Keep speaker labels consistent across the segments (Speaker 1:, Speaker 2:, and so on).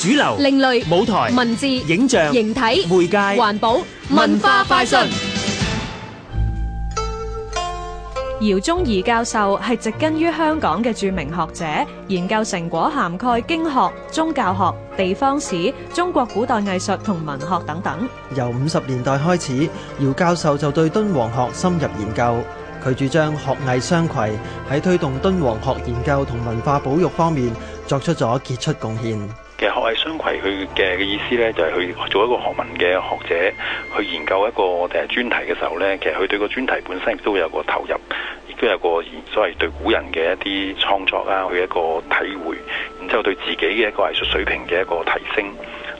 Speaker 1: 主流、另類、舞台、文字、影像、形體、媒介、環保、文化快訊。饒宗頤教授係植根於香港嘅著名學者，研究成果涵蓋經學、宗教學、地方史、中國古代藝術同文學等等。
Speaker 2: 由五十年代開始，饒教授就對敦煌學深入研究。佢主張學藝雙攜，喺推動敦煌學研究同文化保育方面作出咗傑出貢獻。
Speaker 3: 其實學藝雙攜佢嘅嘅意思呢，就係去做一個學文嘅學者，去研究一個定係專題嘅時候呢，其實佢對個專題本身亦都有個投入，亦都有個所謂對古人嘅一啲創作啊，佢一個體會，然之後對自己嘅一個藝術水平嘅一個提升。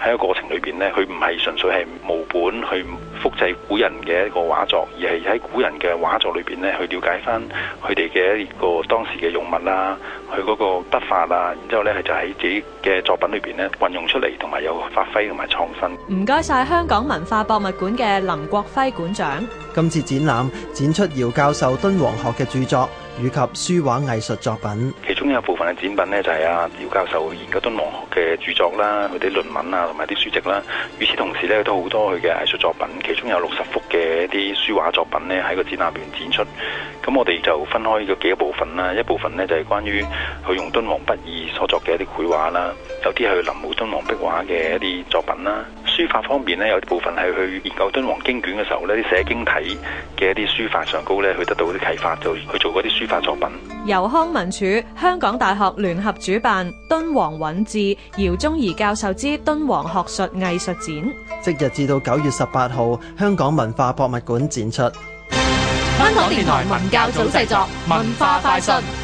Speaker 3: 喺個過程裏邊咧，佢唔係純粹係模本去複製古人嘅一個畫作，而係喺古人嘅畫作裏邊咧，去了解翻佢哋嘅一個當時嘅用物啦，佢嗰個筆法啊，然之後咧佢就喺自己嘅作品裏邊咧運用出嚟，同埋有發揮同埋創新。
Speaker 1: 唔該晒香港文化博物館嘅林國輝館長。
Speaker 2: 今次展覽展出姚教授敦煌學嘅著作，以及書畫藝術作品。
Speaker 3: 其中有部分嘅展品呢，就係阿姚教授研究敦煌學嘅著作啦，佢啲論文啊，同埋啲書籍啦。與此同時呢，都好多佢嘅藝術作品，其中有六十幅嘅一啲書畫作品呢，喺個展覽裏便展出。咁我哋就分開幾個幾部分啦，一部分呢，就係關於佢用敦煌筆意所作嘅一啲繪畫啦。有啲係臨摹敦煌壁畫嘅一啲作品啦，書法方面呢，有部分係去研究敦煌經卷嘅時候呢啲寫經體嘅一啲書法上高呢，去得到啲啟發，就去做嗰啲書法作
Speaker 2: 品。
Speaker 1: 由康文署、香港大學聯合主辦《敦煌韻致》饒宗頤教授之敦煌學術藝術展，
Speaker 2: 即日至到九月十八號，香港文化博物館展出。
Speaker 1: 香港電台文教組製作，文化快訊。